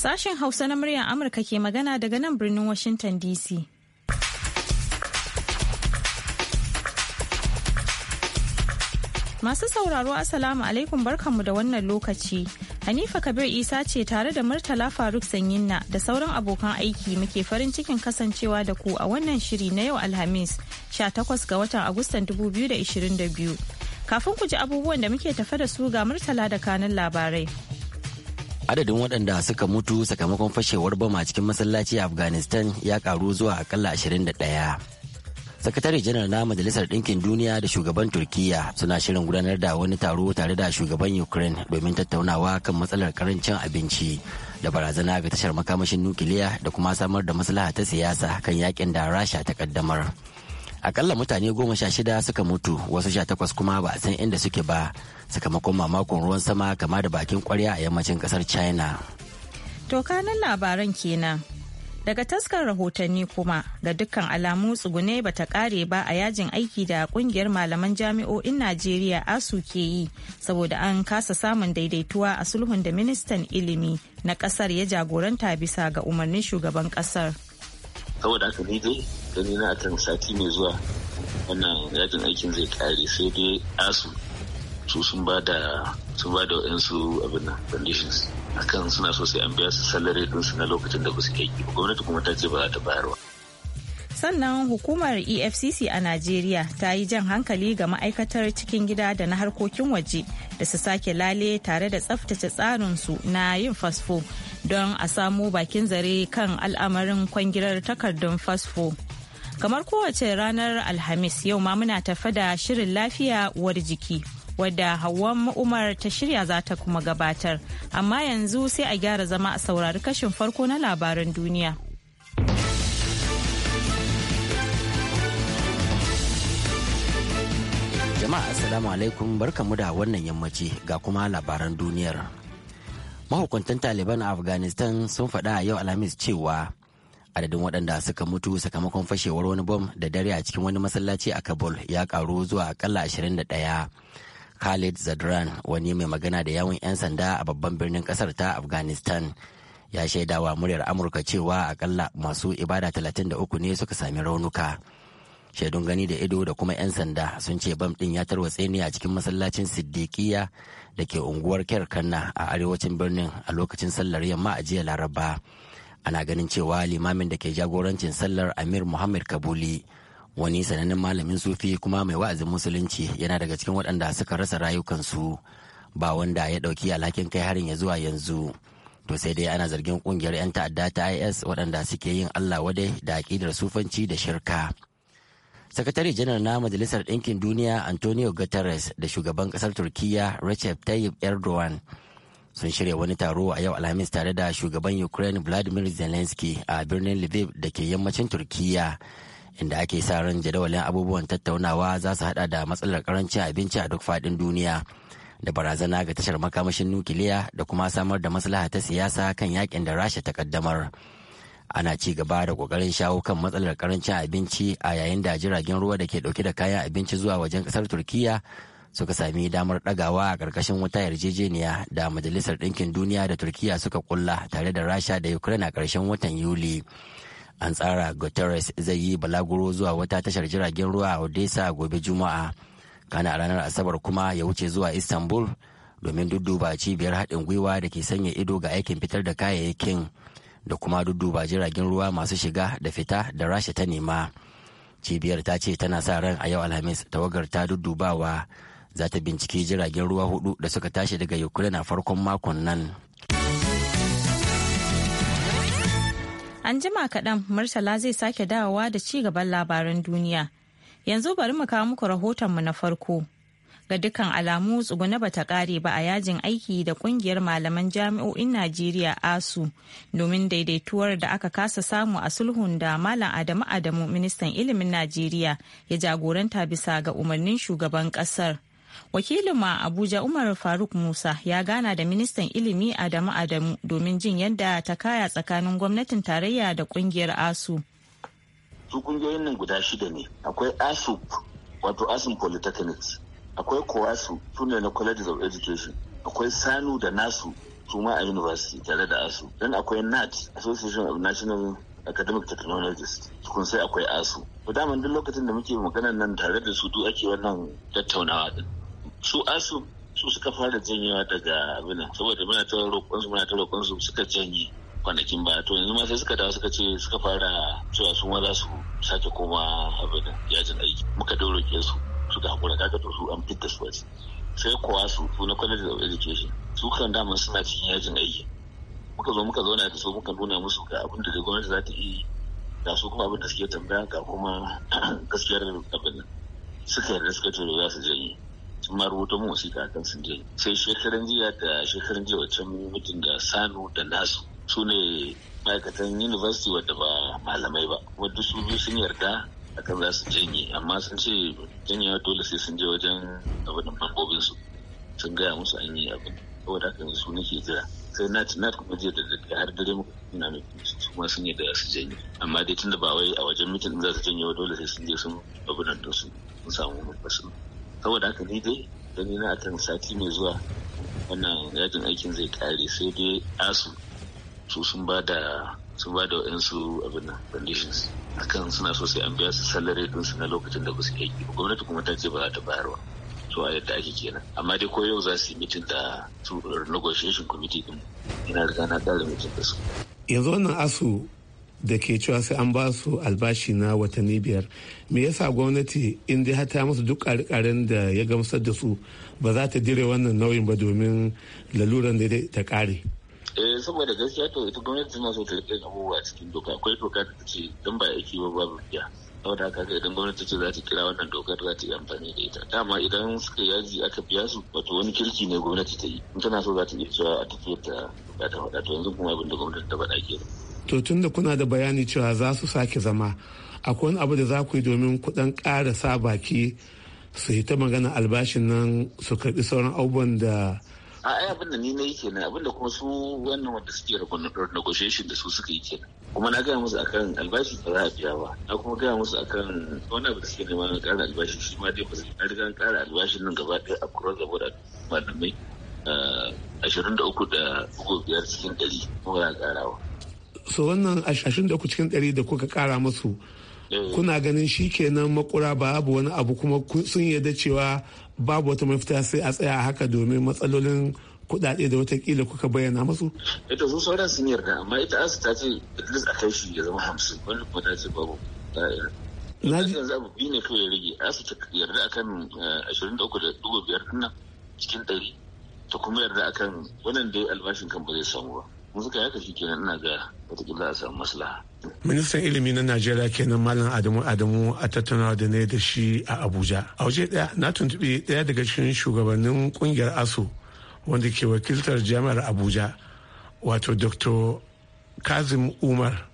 Sashen Hausa na muryar Amurka ke magana daga nan birnin Washington DC. Masu sauraro asalamu alaikum barkanmu da wannan lokaci. Hanifa Kabir Isa ce tare da Murtala Faruk Sanyinna da sauran abokan aiki muke farin cikin kasancewa da ku a wannan shiri na yau Alhamis 18 ga watan Agustan 2022. Kafin ku ji abubuwan da muke tafe da su ga Murtala da kanun labarai. adadin waɗanda suka mutu sakamakon fashewar bama cikin masallaci a afghanistan ya karu zuwa akalla 21 sakatare janar na majalisar ɗinkin duniya da shugaban turkiya suna shirin gudanar da wani taro tare da shugaban ukraine domin tattaunawa kan matsalar karancin abinci da barazana ga tashar makamashin nukiliya da kuma samar da maslaha ta siyasa kan yakin da rasha ta kaddamar. akalla mutane goma sha shida suka mutu wasu sha takwas kuma ba a san inda suke ba sakamakon mamakon ruwan sama kama da bakin kwarya a yammacin kasar china to kanan labaran kenan daga taskar rahotanni kuma ga dukkan alamu tsugune bata kare ba a yajin aiki da kungiyar malaman jami'o'in najeriya asu ke yi saboda an kasa samun daidaituwa a sulhun da ministan ilimi na kasar ya jagoranta bisa ga umarnin shugaban kasar saboda haka gani na akan sati mai zuwa wannan yakin aikin zai kare sai dai asu su sun ba da sun ba da wa'ansu abin nan conditions akan suna so sai an biya su salari ɗinsu na lokacin da ba su aiki gwamnati kuma ta ce ba za ta bayarwa sannan hukumar efcc a najeriya ta yi jan hankali ga ma'aikatar cikin gida da na harkokin waje da su sake lale tare da tsaftace su na yin fasfo don a samu bakin zare kan al'amarin kwangilar takardun fasfo Kamar kowace ranar Alhamis yau ma muna tafa da shirin lafiya uwar jiki. wadda hawan Umar ta shirya za ta kuma gabatar. Amma yanzu sai a gyara zama a saurari kashin farko na labaran duniya. Jama'a Assalamu alaikum barkamu da wannan yammaci ga kuma labaran duniyar. Mahukuntan Taliban a Afghanistan sun faɗa yau Alhamis cewa adadin waɗanda suka mutu sakamakon fashewar wani bom da dare a cikin wani masallaci a kabul ya karu zuwa akalla 21 khalid zadran wani mai magana da yawun 'yan sanda a babban birnin kasar ta afghanistan ya shaidawa muryar amurka cewa akalla masu ibada 33 ne suka sami raunuka shaidun gani da ido da kuma 'yan sanda sun ce bam din ya tarwatse ne a cikin masallacin siddiqiya da ke unguwar kerkanna a arewacin birnin a lokacin sallar yamma a jiya laraba ana ganin cewa limamin da ke jagorancin sallar amir muhammad kabuli wani sanannen malamin sufi kuma mai wa'azin musulunci yana daga cikin waɗanda suka rasa rayukansu ba wanda ya ɗauki alhakin kai harin ya zuwa yanzu to sai dai ana zargin ƙungiyar 'yan ta'adda ta is waɗanda suke yin allah wadai da aƙidar sufanci da shirka sakatare janar na majalisar ɗinkin duniya antonio guterres da shugaban ƙasar turkiyya recep tayyip erdogan sun shirya wani taro a yau alhamis tare da shugaban ukraine vladimir zelensky a birnin lviv da ke yammacin turkiya inda ake sa ran jadawalin abubuwan tattaunawa za su hada da matsalar karancin abinci a duk faɗin duniya da barazana ga tashar makamashin nukiliya da kuma samar da maslaha ta siyasa kan yakin da rasha ta kaddamar ana ci gaba da kokarin shawo kan matsalar karancin abinci a yayin da jiragen ruwa da ke dauke da kayan abinci zuwa wajen kasar turkiya suka sami damar ɗagawa a ƙarƙashin wuta yarjejeniya da majalisar ɗinkin duniya da turkiya suka kulla tare da rasha da ukraine a ƙarshen watan yuli an tsara guterres zai yi balaguro zuwa wata tashar jiragen ruwa a odessa gobe juma'a kana ranar asabar kuma ya wuce zuwa istanbul domin dudduba cibiyar haɗin gwiwa da ke sanya ido ga aikin fitar da kayayyakin da kuma dudduba jiragen ruwa masu shiga da fita da rasha ta nema cibiyar ta ce tana sa ran a yau alhamis tawagar ta duddubawa za ta binciki jiragen ruwa hudu da suka tashi daga ukraine a farkon makon nan an jima kaɗan murtala zai sake dawowa da ci gaban labaran duniya yanzu bari mu kawo muku rahotonmu na farko ga dukkan alamu tsuguna bata ƙare ba a yajin aiki da ƙungiyar malaman jami'o'in najeriya asu domin daidaituwar da aka kasa samu a sulhun da malam adamu adamu ministan ilimin najeriya ya jagoranta bisa ga umarnin shugaban ƙasar wakilin ma abuja umar faruk musa ya gana da ministan ilimi adamu adamu domin jin yadda ta kaya tsakanin gwamnatin tarayya da kungiyar asu su kungiyoyin nan guda shida ne akwai asu wato asun polytechnics akwai kowasu su na colleges of education akwai sanu da nasu su ma a university tare da asu don akwai nat association of national academic technologies tukun sai akwai asu to daman duk lokacin da muke magana nan tare da su duk ake wannan tattaunawa din su asu su suka fara janyewa daga abin saboda muna ta roƙonsu muna ta roƙonsu suka janye kwanakin ba to yanzu ma sai suka dawo suka ce suka fara cewa su ma za su sake koma abin yajin aiki muka roƙe su su ga hakura kaka to su an fitta su wasu sai kowa su su na kwanar da education su kan daman suna cikin yajin aiki muka zo muka zauna da su muka nuna musu ga abin da gwamnati za ta yi ga su kuma abin da suke tambaya ga kuma gaskiyar abin nan suka yarda suka ce za su janye sun ma rubuta mun wasiƙa kan sun je sai shekaran jiya da shekaran jiya wancan mutum da sanu da nasu su ne ma'aikatan university wadda ba malamai ba wadda su biyu sun yarda akan za su janye amma sun ce janyewa dole sai sun je wajen abin mambobin su sun gaya musu an yi abin saboda haka yanzu su nake jira sai na ci na kuma jiya da daga har dare muka ina mai su ma sun yarda su janye amma dai tunda ba wai a wajen mitin za su janye dole sai sun je sun abin nan su sun samu mafasin saboda haka ni dai gani na akan sati mai zuwa wannan yajin aikin zai kare sai dai asu su sun ba da sun ba da wa'ansu abin nan conditions akan suna so sai an biya su salary din su na lokacin da ba su aiki gwamnati kuma ta ce ba za ta bayarwa to a yadda ake kenan amma dai ko yau za su yi mitin da su negotiation committee din ina riga na tsara mitin da su yanzu wannan asu da ke cewa sai an ba su albashi na watanni biyar me yasa gwamnati in dai ta musu duk ƙarƙarin da ya gamsar da su ba za ta dire wannan nauyin ba domin laluran da ta kare. eh saboda gaskiya to ita gwamnati tana so ta rike abubuwa cikin doka akwai doka da ce dan ba aiki ba babu biya saboda haka idan gwamnati ce za ta kira wannan dokar za ta yi amfani da ita dama idan suka yaji aka biya su wato wani kirki ne gwamnati ta yi in tana so za ta iya cewa a tafiyar ta ta faɗa to yanzu kuma abin da gwamnati ta faɗa kenan to tun da kuna da bayani cewa za su sake zama akwai wani abu da za ku yi domin kuɗan ƙara sa baki su yi ta magana albashin nan su karɓi sauran abubuwan da a ai abin da ni na yi kenan abin da kuma su wannan wanda suke negotiation da su suka yi kenan kuma na gaya musu akan albashi ba za a biya ba na kuma gaya musu akan wani abu da suke nema na ƙara albashi shi ma dai ba su riga ƙara albashin nan gaba ɗaya a kurar gaba da malamai eh, ashirin da uku da biyar cikin ɗari kuma ya ƙarawa so wannan ashashin da cikin ɗari da kuka kara masu kuna ganin shi kenan makura babu wani abu kuma sun yarda cewa babu wata mafita sai a tsaya haka domin matsalolin kudade da watakila kuka bayyana masu? ita eh, su sauran sun yarda amma ita asu ta ce idris a kai shi ya zama hamsin wani kuma ta ce babu eh, na ji yanzu abu biyu ne kawai rage asu ta yarda akan eh, ashirin da uku da dubu biyar cikin ɗari ta kuma yarda akan wannan dai albashin kan ba zai samu ba musu kaya yaka shi kenan ina ga watakila a samu maslaha. ministan ilimi na najeriya kenan malam adamu adamu a tattaunawa da ne da shi a abuja a waje daya na tuntuɓi daya daga cikin shugabannin kungiyar asu wanda ke wakiltar jami'ar abuja wato dr kazim umar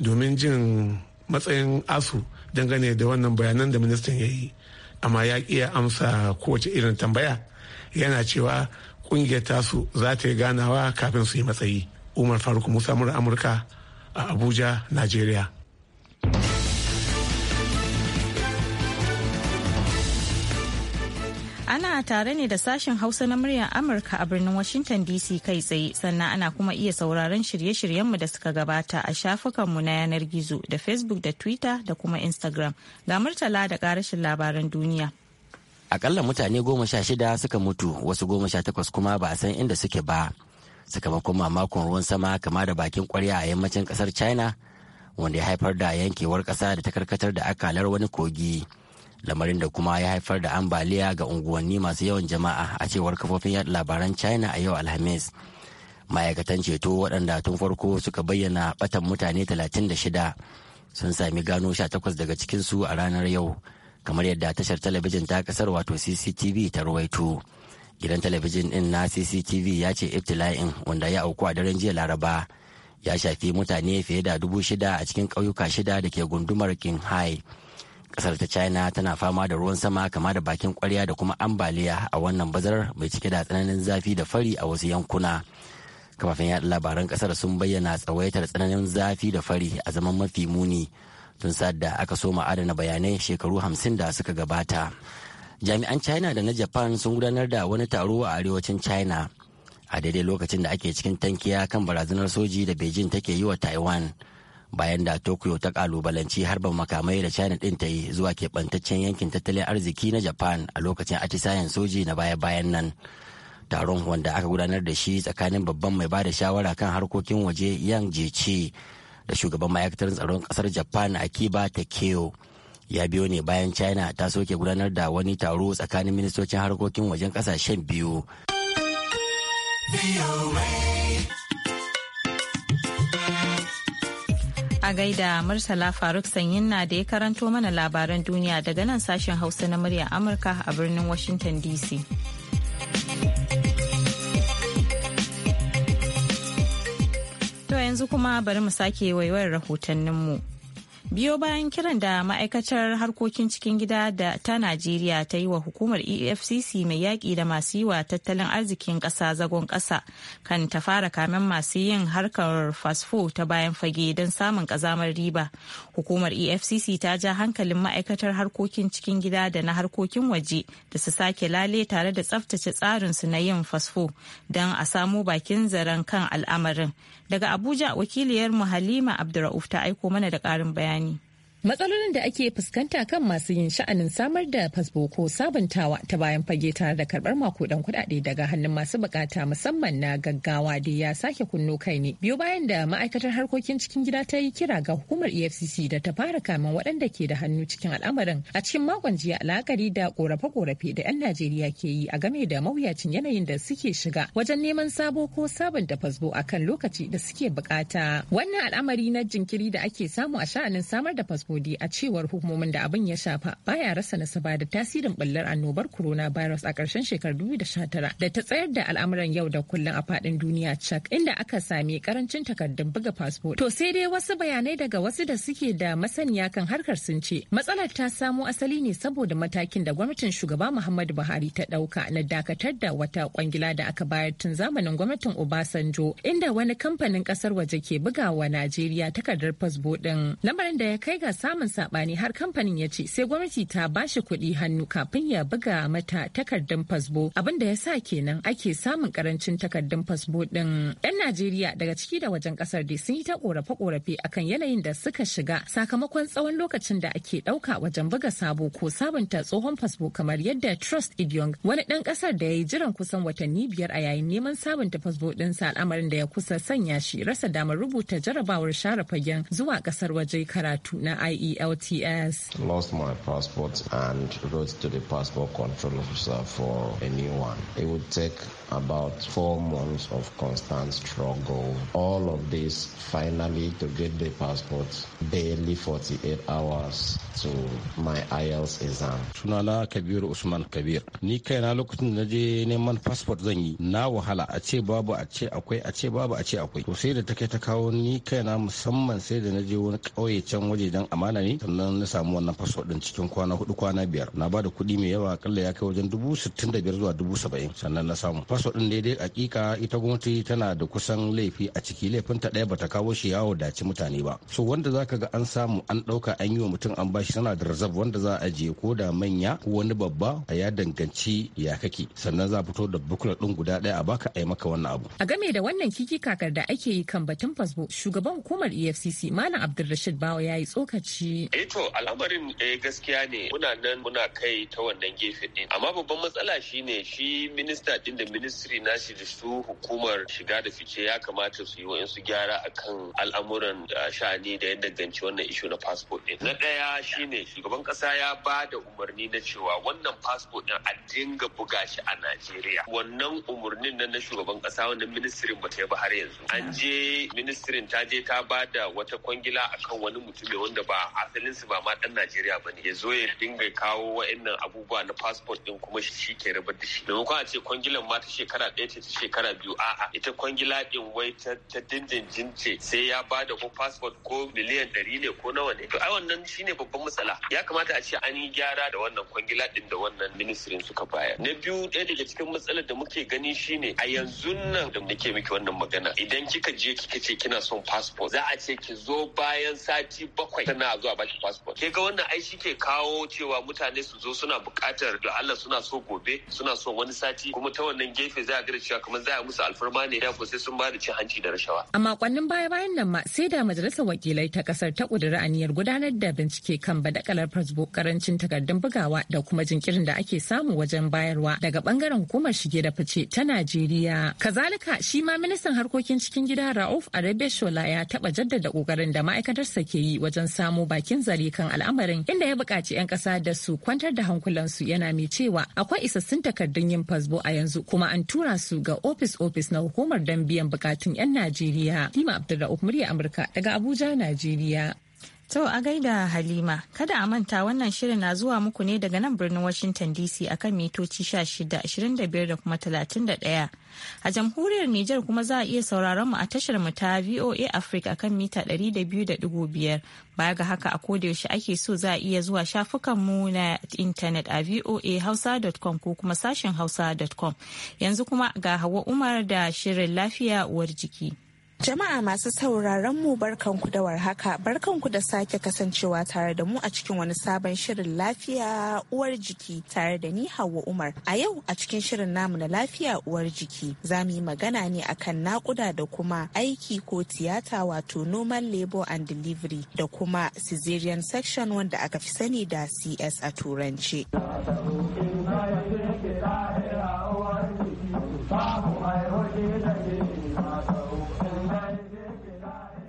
domin jin matsayin asu dangane da wannan bayanan da ministan ya yi amma ya iya amsa kowace irin tambaya yana cewa kungiyar tasu za ta yi ganawa kafin su yi matsayi umar faruk musa mura amurka a abuja Najeriya. ana tare ne da sashen hausa na muryar amurka a birnin washington dc kai tsaye sannan ana kuma iya sauraron shirye-shiryenmu da suka gabata a shafukanmu na yanar gizo da facebook da twitter da kuma instagram ga murtala da karashin labaran duniya akalla mutane goma sha shida suka mutu wasu goma sha takwas kuma ba a san inda suke ba sakamakon mamakon ruwan sama kama da bakin kwarya a yammacin kasar china wanda ya haifar da yankewar kasa da ta karkatar da akalar wani kogi lamarin da kuma ya haifar da ambaliya ga unguwanni masu yawan jama'a a cewar kafofin yada labaran china a yau alhamis ma'aikatan ceto waɗanda tun farko suka bayyana batan mutane 36 sun sami gano 18 daga cikinsu a ranar yau kamar yadda tashar talabijin ta kasar wato cctv ta ruwaito. gidan talabijin din na cctv ya ce iftila'in wanda ya auku a daren jiya laraba ya shafi mutane fiye da dubu shida a cikin ƙauyuka shida da ke gundumar qinghai ƙasar ta china tana fama da ruwan sama kama da bakin kwarya da kuma ambaliya a wannan bazarar mai cike da tsananin zafi da fari a wasu yankuna kafafen yaɗa labaran ƙasar sun bayyana tsawaitar tsananin zafi da fari a zaman mafi muni tun sadda aka soma adana bayanai shekaru hamsin da suka gabata jami'an china da na japan sun gudanar da wani taro a arewacin china a daidai lokacin da ake cikin tankiya kan barazanar soji da beijing take yi wa taiwan bayan da tokyo ta kalubalanci harba makamai da china din ta yi zuwa keɓantaccen yankin tattalin arziki na japan a lokacin atisayen soji na baya-bayan nan taron wanda aka gudanar da shi tsakanin babban mai bada shawara kan harkokin waje yang jeci da shugaban ma'aikatar tsaron kasar japan akiba takeo ya biyo ne bayan china ta soke gudanar da wani taro tsakanin ministocin harkokin wajen kasashen biyu a gaida Murtala Faruk sanyin na da ya karanto mana labaran duniya daga nan sashen Hausa na murya Amurka a birnin Washington DC. To yanzu kuma bari mu sake waiwayar rahotanninmu. mu. biyo bayan kiran da ma'aikatar harkokin cikin gida da ta najeriya ta yi wa hukumar efcc mai yaƙi da masu yi wa tattalin arzikin ƙasa zagon ƙasa kan ta fara kamen masu yin harkar fasfo ta bayan fage don samun ƙazamar riba hukumar efcc ta ja hankalin ma'aikatar harkokin cikin gida da na harkokin waje da su sake lale tare da tsaftace tsarin su na yin fasfo don a samo bakin zaren kan al'amarin daga abuja wakiliyar muhalima halima abdurrauf ta aiko mana da ƙarin bayani Pani. matsalolin da ake fuskanta kan masu yin sha'anin samar da fasbo ko sabuntawa ta bayan fage tare da karbar makudan kudade daga hannun masu bukata musamman na gaggawa da ya sake kunno kai ne biyo bayan da ma'aikatar harkokin cikin gida ta yi kira ga hukumar efcc da ta fara kaman waɗanda ke da hannu cikin al'amarin a cikin makon jiya alakari da korafe-korafe da 'yan najeriya ke yi a game da mawuyacin yanayin da suke shiga wajen neman sabo ko da fasbo a kan lokaci da suke bukata wannan al'amari na jinkiri da ake samu a sha'anin samar da fasfo kodi a cewar hukumomin da abin ya shafa baya rasa nasaba da tasirin bullar annobar coronavirus a ƙarshen shekarar 2019 da ta tsayar da al'amuran yau da kullum a faɗin duniya cak inda aka sami karancin takardun buga fasfo. To sai dai wasu bayanai daga wasu da suke da masaniya kan harkar sun ce matsalar ta samo asali ne saboda matakin da gwamnatin shugaba Muhammadu Buhari ta ɗauka na dakatar da wata kwangila da aka bayar tun zamanin gwamnatin Obasanjo inda wani kamfanin ƙasar waje ke bugawa Najeriya takardar fasfo ɗin. Lamarin da ya kai ga samun sabani har kamfanin ya ce sai gwamnati ta bashi kuɗi hannu kafin ya buga mata takardun fasbo abin da ya sa kenan ake samun karancin takardun fasbo din yan najeriya daga ciki da wajen kasar dai sun yi ta korafe korafe akan yanayin da suka shiga sakamakon tsawon lokacin da ake ɗauka wajen buga sabo ko sabunta tsohon fasbo kamar yadda trust idiong wani ɗan ƙasar da ya yi jiran kusan watanni biyar a yayin neman sabunta fasbo sa al'amarin da ya kusa sanya shi rasa damar rubuta jarabawar share fagen zuwa ƙasar waje karatu na IELTS. Lost my passport and wrote to the passport control officer for a new one. It would take about four months of constant struggle. All of this finally to get the passport barely 48 hours to my IELTS exam. Sunana Kabiru Usman Kabir. Ni kaina lokacin da na je neman passport zan yi na wahala a ce babu a ce akwai a ce babu a ce akwai. To sai da ta ta kawo ni kaina musamman sai da na je wani ƙauye can waje dan amana ne sannan na samu wannan passport din cikin kwana hudu kwana biyar. Na ba da kuɗi mai yawa kalla ya kai wajen dubu sittin da biyar zuwa dubu saba'in sannan na samu. kaso din ne dai hakika ita gwamnati tana da kusan laifi a ciki laifin ta ɗaya bata kawo shi yawo daci mutane ba so wanda zaka ga an samu an ɗauka an yi wa mutum an bashi tana da reserve wanda za a je ko da manya ko wani babba a ya danganci ya kake sannan za fito da bukula din guda ɗaya a baka a yi maka wannan abu a game da wannan kiki kakar da ake yi kan batun fasbo shugaban hukumar efcc malam abdulrashid bawa ya yi tsokaci eh to al'amarin eh gaskiya ne muna nan muna kai ta wannan gefe din amma babban matsala shine shi minista din da minista ministry nashi da su hukumar shiga da fice ya kamata su yi wa su gyara akan al'amuran uh, sha'ani da ya danganci wannan ishu na passport ɗin. Na ɗaya shine shugaban ƙasa ya ba da umarni na cewa wannan passport ɗin a dinga buga shi a Najeriya. Wannan umarnin nan na shugaban ƙasa wannan ministirin ba ta yi ba har yanzu. An je ministirin ta je ta ba da wata kwangila akan wani mutum ne wanda ba su ba ma ɗan Najeriya ba ne. Ya zo ya dinga kawo wa'annan abubuwa na passport ɗin kuma shi ke rabar da shi. Maimakon a ce kwangilan ma ta shekara ɗaya ce ta shekara biyu a'a ita kwangila ɗin wai ta dindindin ce sai ya ba da ko passport ko miliyan ɗari ne ko nawa ne to ai wannan shine babban matsala ya kamata a ce an yi gyara da wannan kwangila ɗin da wannan ministrin suka bayar na biyu ɗaya daga cikin matsalar da muke gani shine a yanzu nan da nake miki wannan magana idan kika je kika ce kina son passport za a ce ki zo bayan sati bakwai tana zuwa baki passport ke ga wannan ai shi ke kawo cewa mutane su zo suna buƙatar da Allah suna so gobe suna so wani sati kuma ta wannan gefe za a cewa kamar za a musu alfarma ne da ko sai sun ba da cin hanci da rashawa. A makonnin baya-bayan nan ma sai da majalisar wakilai ta kasar ta kudura aniyar gudanar da bincike kan badakalar fasbo karancin takardun bugawa da kuma jinkirin da ake samu wajen bayarwa daga bangaren hukumar shige da fice ta Najeriya. Kazalika shi ma ministan harkokin cikin gida Rauf shola ya taba jaddada kokarin da ma'aikatarsa ke yi wajen samo bakin zare kan al'amarin inda ya buƙaci 'yan ƙasa da su kwantar da hankulansu yana mai cewa akwai isassun takardun yin fasbo a yanzu kuma an tura su ga ofis-ofis na hukumar don biyan bukatun 'yan Najeriya. tima Abdulra'uf murya Amurka daga Abuja, Najeriya. To a gaida Halima, kada a manta wannan shirin na zuwa muku ne daga nan birnin Washington DC akan mitoci 16, da kuma 31. A jamhuriyar Nijar kuma za a iya sauraron mu a tashar mu ta VOA Africa akan mita 200.5. Baya ga haka a yaushe ake so za a iya zuwa shafukan mu na intanet a voa hausa.com ko kuma sashen hausa.com. Yanzu kuma ga Hawa Umar da shirin lafiya uwar jiki. Jama'a masu sauraron mu barkanku da warhaka barkanku da sake kasancewa tare da mu a cikin wani sabon shirin lafiya uwar jiki tare da ni Hauwa Umar. A yau a cikin shirin namu na lafiya uwar jiki za mu yi magana ne akan nakuda da kuma aiki ko tiyata wato normal labor and delivery da kuma cesarean section wanda aka fi sani da CS a turance.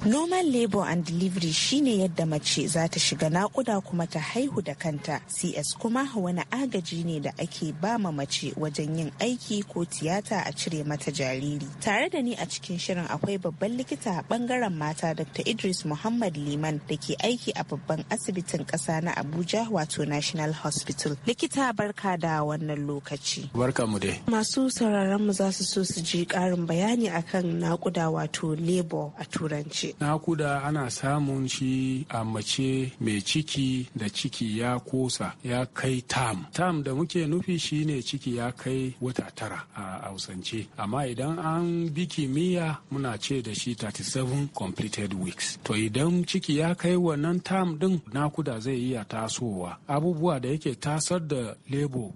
Normal labor and delivery shine yadda mace za ta shiga nakuda kuma ta haihu da kanta. CS kuma wani agaji ne da ake ba ma mace wajen yin aiki ko tiyata a cire mata jariri. Tare da ni a cikin shirin akwai babban likita a bangaren mata Dr. Idris Muhammad Liman da ke aiki a babban asibitin ƙasa na Abuja wato National Hospital. Likita barka da wannan lokaci. Barka mu dai. Masu sauraron mu za su so su ji ƙarin bayani akan nakuda wato labor a turanci. nakuda ana samun shi a mace mai ciki da ciki ya kosa ya kai tam tam da muke nufi shine ciki ya kai wata tara a hausance amma idan an bi kimiyya muna ce da shi 37 completed weeks to idan ciki ya kai wannan tam din nakuda zai iya tasowa abubuwa da yake tasar da lebo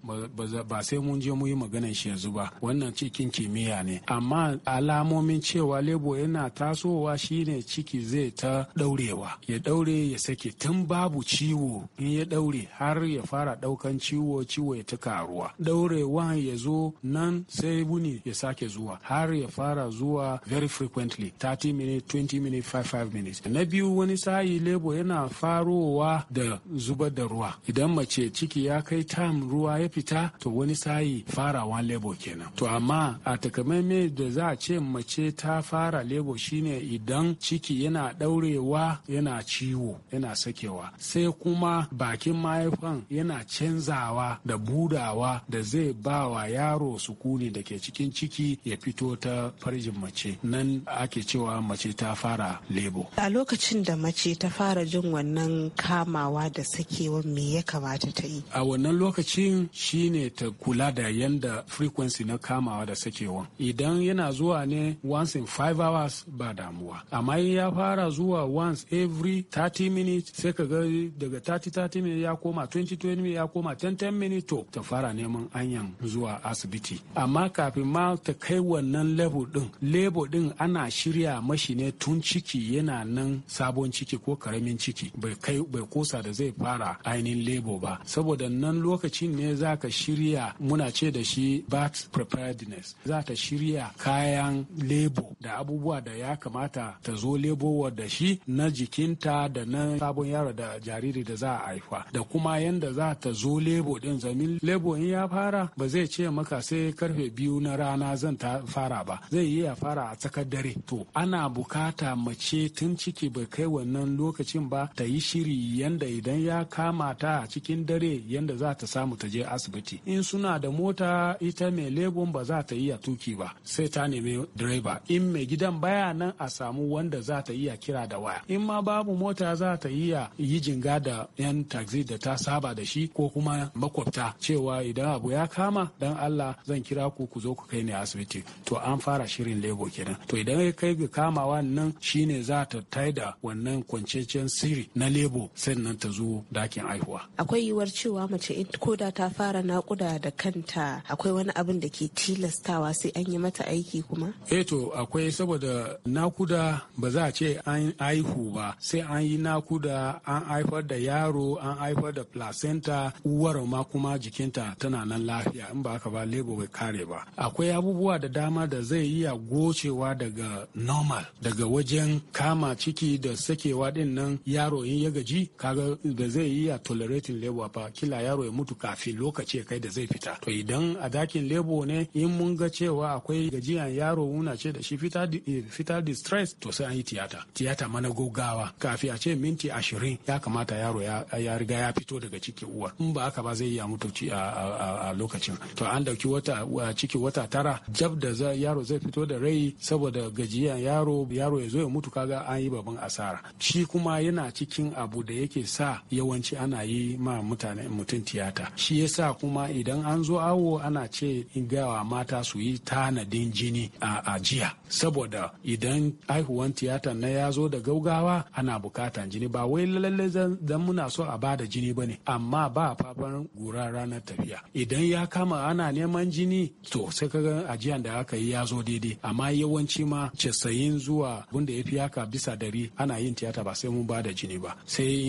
ba sai mun je mu yi maganan shi yanzu ba wannan cikin kimiyya ne amma alamomin cewa lebo yana tasowa shine ciki zai ta ɗaurewa ya ɗaure ya sake tun babu ciwo in ya ɗaure har ya fara ɗaukan ciwo ciwo ya ta karuwa ɗaurewa ya zo nan sai wuni ya sake zuwa har ya fara zuwa very frequently 30 minutes 20 minutes 55 minutes na biyu wani sayi lebo yana farowa da zubar da ruwa idan mace ciki ya kai tam ruwa ya fita to wani sayi farawa lebo kenan to amma a takamaimai da za a ce mace ta fara lebo shine idan ciki ciki yana ɗaurewa yana ciwo yana sakewa sai kuma bakin mahaifan yana canzawa da budawa da zai ba wa yaro sukuni da ke cikin ciki ya fito ta farjin mace nan ake cewa mace ta fara lebo a lokacin da mace ta fara jin wannan kamawa da sakewa me ya kamata ta yi a wannan lokacin shine ta kula da yanda frequency na kamawa da sakewa idan yana zuwa ne once in five hours ba damuwa amma sai ya fara zuwa once every 30 minutes sai ka ga daga 30-30 minutes ya koma 20-20 ya koma 10-10 minutes to ta fara neman anyan zuwa asibiti amma kafin ma ta kai wannan level din level din ana shirya mashi ne tun ciki yana nan sabon ciki ko karamin ciki bai kai bai kosa da zai fara ainihin lebo ba saboda nan lokacin ne za ka shirya muna ce da shi birth preparedness za ta shirya kayan lebo da abubuwa da ya kamata ta zo zo lebo da shi na jikinta da na sabon yaro da jariri da za a haifa da kuma yanda za ta zo lebo din zamin lebo in ya fara ba zai ce maka sai karfe biyu na rana zan ta fara ba zai yi ya fara a tsakar dare to ana bukata mace tun ciki bai kai wannan lokacin ba ta yi shiri yanda idan ya kama ta a cikin dare yanda za ta samu ta je asibiti in suna da mota ita mai lebon ba za ta yi a tuki ba sai ta nemi direba in mai gidan baya nan a samu wanda da za ta iya kira da waya in ma babu mota za ta iya yi jinga da yan taxi da ta saba da shi ko kuma makwabta cewa idan abu ya kama dan Allah zan kira ku ku zo ku kai ni asibiti to an fara shirin lebo kenan to idan ya kai ga kamawa nan shine za ta taida wannan kwanciyar sirri na lebo sannan ta zo dakin aihuwa akwai yiwuwar cewa mace in koda ta fara nakuda da kanta akwai wani abin da ke tilastawa sai an yi mata aiki kuma eh to akwai saboda nakuda ba ba za a ce an aihu ba sai an yi da an haifar da yaro an haifar da placenta uwar ma kuma jikinta tana nan lafiya in ba haka ba lebo bai kare ba akwai abubuwa da dama da zai iya gocewa daga normal daga wajen kama ciki da sakewa din nan yaro in ya gaji kaga da zai iya tolerating lebo ba kila yaro ya mutu kafin lokaci ya kai da zai fita to idan a dakin lebo ne in mun ga cewa akwai gajiyan yaro muna ce da shi fita eh, distress to sai an yi tiyata tiyata mana gaggawa kafi a ce minti ashirin ya kamata yaro ya riga ya fito daga ciki uwar in ba haka ba zai iya mutu a lokacin to an dauki wata ciki wata tara jab da yaro zai fito da rai saboda gajiya yaro yaro ya zo ya mutu kaga an yi babban asara shi kuma yana cikin abu da yake sa yawanci ana yi ma mutane mutum tiyata shi yasa kuma idan an zo awo ana ce in gawa mata su yi tanadin jini a jiya saboda idan aihuwan tiyata tiyata na ya zo da gaugawa ana bukatan jini ba wai lalle zan muna so a bada jini bane amma ba faɗan gura ranar tafiya idan ya kama ana neman jini to sai kaga ajiyan da aka yi ya zo daidai amma yawanci ma casayin zuwa wanda ya fi haka bisa dari ana yin tiyata ba sai mun bada jini ba sai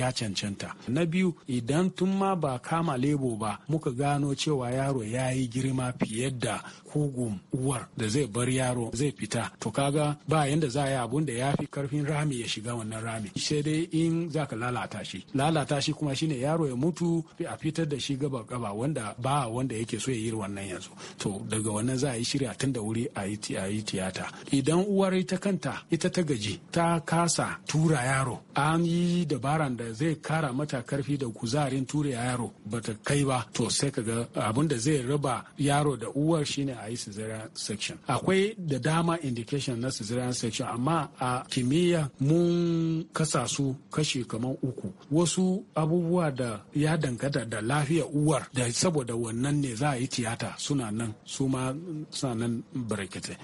ya cancanta na biyu idan tun ma ba kama lebo ba muka gano cewa yaro ya yi girma fiye da kugun uwar da zai bar yaro zai fita to kaga ba yanda za ya abun da ya fi karfin rami ya shiga wannan rami sai dai in za ka lalata shi lalata shi kuma shine yaro ya mutu a fitar da shi gaba gaba wanda ba wanda yake so ya yi wannan yanzu to daga wannan za a yi shirya tun da wuri a yi tiyata idan uwar ita kanta ita ta gaji ta kasa tura yaro an yi dabaran da zai kara mata karfi da kuzarin tura yaro bata kai ba to sai ka abun da zai raba yaro da uwar shine a yi cesarean section akwai da dama indication na cesarean section amma a kimiyya mun kasa su kashi kamar uku wasu abubuwa da ya dangata da lafiyar uwar da saboda wannan ne za a yi tiyata suna nan su ma suna nan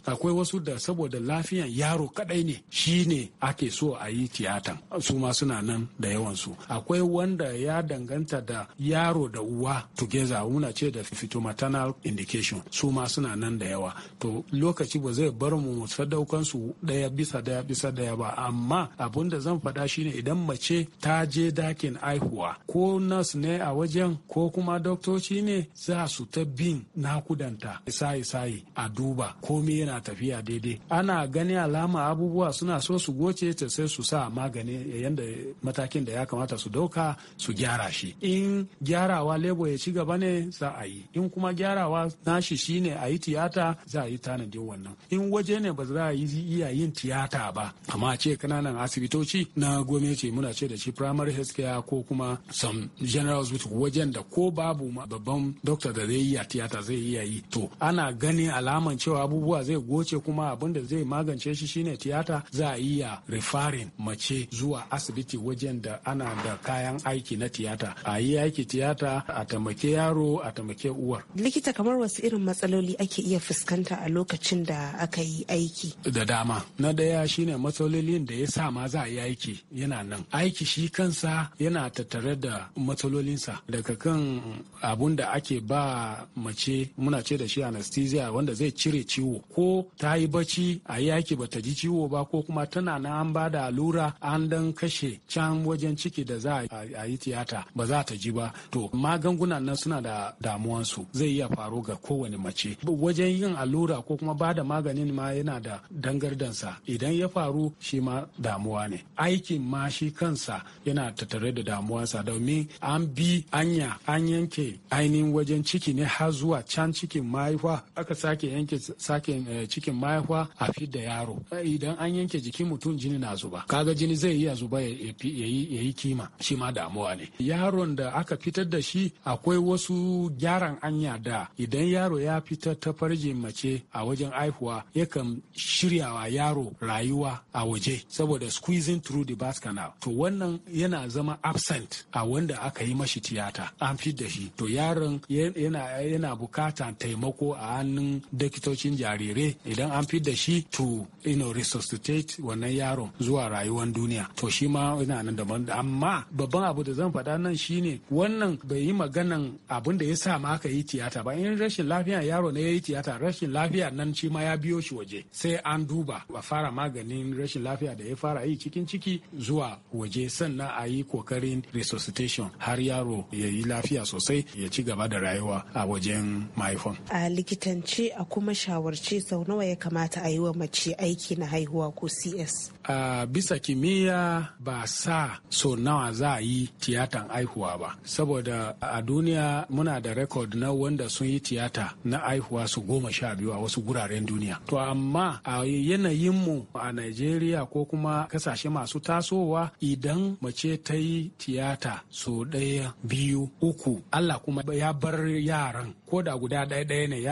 akwai wasu da saboda lafiyan yaro kadai ne shi ne ake so a yi tiyata su ma suna nan da yawansu akwai wanda ya danganta da yaro da uwa together muna ce da fitomaternal indication su ma suna nan da yawa to lokaci ba zai bar mu sadaukan su daya bisa bisa daya bisa daya ba amma abun da zan faɗa shine idan mace ta je dakin aihuwa ko nas ne a wajen ko kuma doktoci ne za su ta bin nakudanta isayi sayi a duba komai yana tafiya daidai ana gani alama abubuwa suna so su goce ta sai su sa magani yanda matakin da ya kamata su dauka su gyara shi in gyarawa lebo ya ci gaba ne za a yi in kuma gyarawa nashi shine a yi tiyata za a yi tanadin wannan in waje ne ba za a yi iya yin tiyata yata ba amma ce kananan asibitoci na gwamnati muna ce da shi primary health care ko kuma some general hospital wajen da ko babu babban doctor da zai yi a tiyata zai iya yi to ana ganin alaman cewa abubuwa zai goce kuma abin da zai magance shi shine tiyata za a iya referring mace zuwa asibiti wajen da ana da kayan aiki na tiyata a yi aiki tiyata a taimake yaro a taimake uwar likita kamar wasu irin matsaloli ake iya fuskanta a lokacin da aka yi aiki da dama na daya shine matsalolin da ya sa ma za a yi aiki yana nan aiki shi kansa yana tattare da matsalolinsa daga kan abun da ake ba mace muna ce da shi anesthesia wanda zai cire ciwo ko ta yi bacci a yi aiki bata ji ciwo ba ko kuma tana na an ba da allura an dan kashe can wajen ciki da za a yi tiyata ba za ta ji ba to magungunan nan suna da damuwansu zai iya faru ga kowane mace wajen yin allura ko kuma ba da maganin ma yana da dangardansa idan ya faru shi ma damuwa ne aikin ma shi kansa yana tattare da damuwarsa domin an bi anya an yanke ainihin wajen ciki ne har zuwa can cikin mahaifa aka sake yanke sake eh, cikin mahaifa a fidda yaro idan an yanke jikin mutum jini na zuba kaga jini zai iya zuba ya yi kima shi ma damuwa ne yaron da aka fitar da shi akwai wasu gyaran anya da idan yaro ya fitar ta farjin mace a wajen aihuwa yakan shiryawa yaro rayuwa a waje saboda squeezing through the birth canal to wannan yana zama absent a wanda aka yi mashi tiyata an fi da shi to yaron yana yana bukatan taimako a hannun dakitocin jarirai idan an fi da shi to you know resuscitate wannan yaron zuwa rayuwar duniya to shi ma yana nan daban amma babban abu da zan faɗa nan shine wannan bai yi maganan abin da ya sa ma aka yi tiyata ba in rashin lafiya yaro ne ya yi tiyata rashin lafiya nan shi ma ya biyo shi waje sai an duba a fara fara maganin rashin lafiya da ya fara yi cikin ciki zuwa waje sannan a yi kokarin resuscitation har yaro ya yi lafiya sosai ya ci gaba da rayuwa a wajen mahaifan. A likitance a kuma shawarci sau nawa ya kamata a yi wa mace aiki na haihuwa ko CS. A bisa kimiyya ba sa so nawa za a yi tiyatan haihuwa ba saboda a duniya muna da rekod na wanda sun yi tiyata na haihuwa su goma sha biyu a wasu guraren duniya. To amma a yanayin mu a Najeriya ko kuma kasashe masu tasowa idan mace ta yi tiyata so ɗaya biyu uku Allah kuma ya bar yaran ko da guda ɗaya ɗaya ne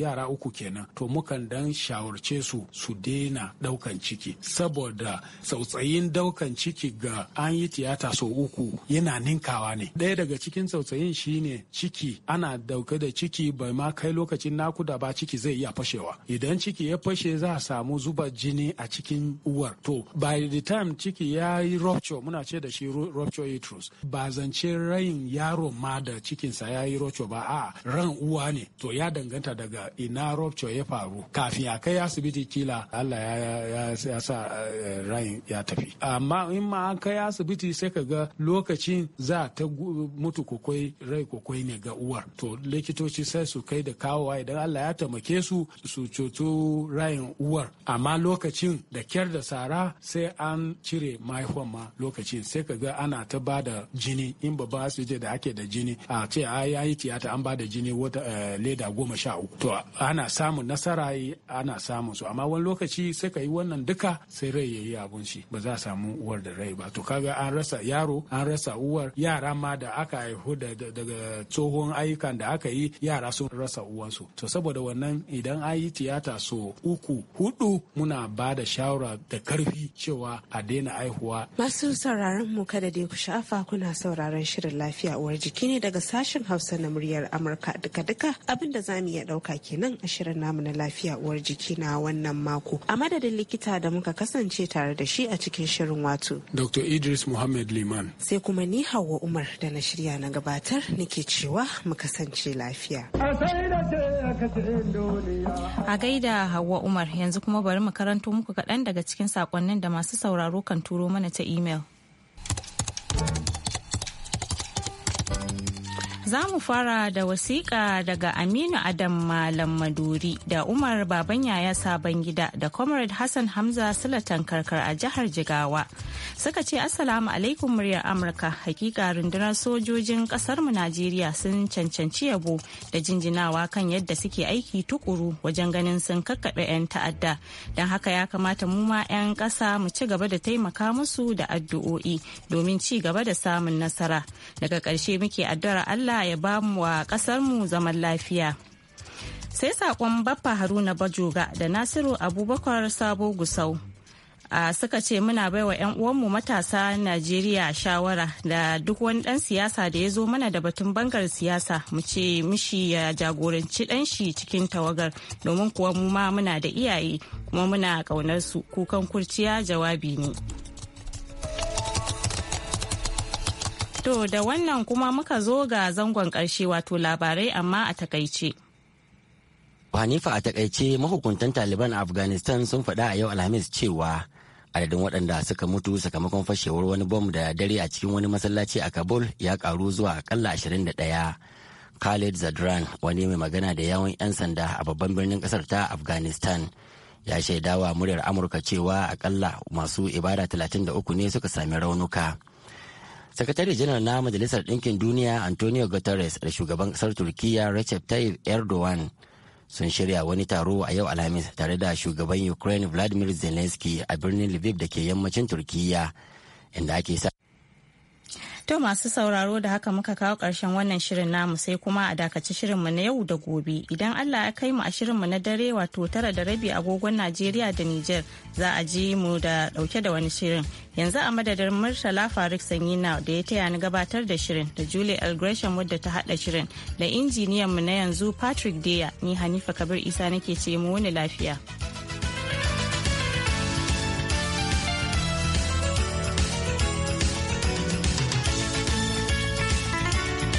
yara uku kenan to mukan dan shawarce su su daina ɗaukan ciki saboda sautsayin ɗaukan ciki ga an yi tiyata so uku yana ninkawa ne ɗaya daga cikin sautsayin shine ciki ana dauke da ciki bai ma kai lokacin nakuda ba ciki zai iya fashewa idan ciki ya fashe za a samu zuba jini a cikin uwar to by the time ciki ya yi rupture muna ce da shi rupture uterus ba zance rayin yaro ma da cikinsa ya yi rupture ba a ran uwa ne to ya danganta daga ina rupture ya faru kafin a kai asibiti kila Allah ya ya ya sa eh, rain ya tafi amma in ma an kai asibiti sai ka ga lokacin za ta mutu kwakwai rai kwakwai ne ga uwar to likitoci sai su kai da kawowa idan Allah ya taimake su su ceto rayin uwar amma lokaci lokacin da kyar da sara sai an cire mahaifan ma lokacin sai ka ga ana ta ba da jini in su je da ake da jini a ce a yayi tiyata an ba da jini wata eh, leda goma sha uku to ana samun nasara ana samun su amma wani lokaci sai ka yi wannan duka sai rai ya yi abun shi ba za a samu uwar da rai ba to ga an rasa yaro an rasa uwar yara ma da aka haihu daga tsohon ayyukan da aka yi yara sun rasa uwansu to saboda wannan idan a yi tiyata so uku hudu muna ba da shawara da karfi cewa a daina aihuwa. Masu sauraron mu kada dai ku sha'afa kuna sauraron shirin lafiya uwar jiki ne daga sashen Hausa na muryar Amurka duka-duka abin da za mu iya ɗauka kenan a shirin namu na lafiya uwar jiki na wannan mako. A madadin likita da muka kasance tare da shi a cikin shirin wato. Dr. Idris Muhammad Liman. Sai kuma ni Hauwa Umar da na shirya na gabatar nake cewa mu kasance lafiya. A gaida Hauwa Umar yanzu kuma bari mu karanto muku kaɗan daga cikin saƙonnin da masu sauraro kan turo mana ta imel. za mu fara da wasiƙa daga Aminu Adam Malam Maduri da Umar Baban Yaya Sabon Gida da Comrade Hassan Hamza Silatan Karkar a jihar Jigawa. Suka ce Assalamu alaikum muryar Amurka hakika rundunar sojojin ƙasarmu Najeriya sun cancanci yabo da jinjinawa kan yadda suke aiki tukuru wajen ganin sun kakkaɓe 'yan ta'adda. Don haka ya kamata mu ma 'yan ƙasa mu ci gaba da taimaka musu da addu'o'i domin ci gaba da samun nasara. Daga ƙarshe muke addu'ar Allah ya ba mu wa mu zaman lafiya. Sai sakon Baffa Haruna Bajoga da Nasiru Abubakar Sabo Gusau. Uh, suka ce muna baiwa 'yan uwanmu matasa Najeriya shawara da duk wani ɗan siyasa da ya zo mana da batun bangar siyasa mu ce mishi ya jagoranci ɗan shi cikin tawagar domin kuwa mu ma muna da iyaye kuma muna ƙaunar su kukan kurciya jawabi ne. To da wannan kuma muka zo ga zangon ƙarshe wato labarai amma a takaice. Hanifa a takaice mahukuntan Taliban a Afghanistan sun faɗa a yau Alhamis cewa adadin waɗanda suka mutu sakamakon fashewar wani bom da dare a cikin wani masallaci a Kabul ya karu zuwa akalla 21. Khalid Zadran wani mai magana da yawon 'yan sanda a babban birnin ƙasar ta Afghanistan ya shaidawa muryar Amurka cewa akalla masu ibada 33 ne suka sami raunuka. sakatare janar na majalisar ɗinkin duniya antonio guterres da shugaban ƙasar turkiyya recep tayyip erdogan sun shirya wani taro a yau alhamis tare da shugaban ukraine vladimir zelensky a birnin lviv da ke yammacin turkiyya inda ake sa To masu sauraro da haka muka kawo ƙarshen wannan shirin namu sai kuma a dakaci shirinmu na yau da gobe. Idan Allah ya kai mu a shirinmu na dare wato tara da rabi agogon Najeriya da Nijar za a ji mu da ɗauke da wani shirin. Yanzu a madadin Murtala Faruk Sanyina da ya taya ni gabatar da shirin da Julie L. Gresham wadda ta haɗa shirin da injiniyanmu na yanzu Patrick Deya ni Hanifa Kabir Isa nake ce mu wani lafiya.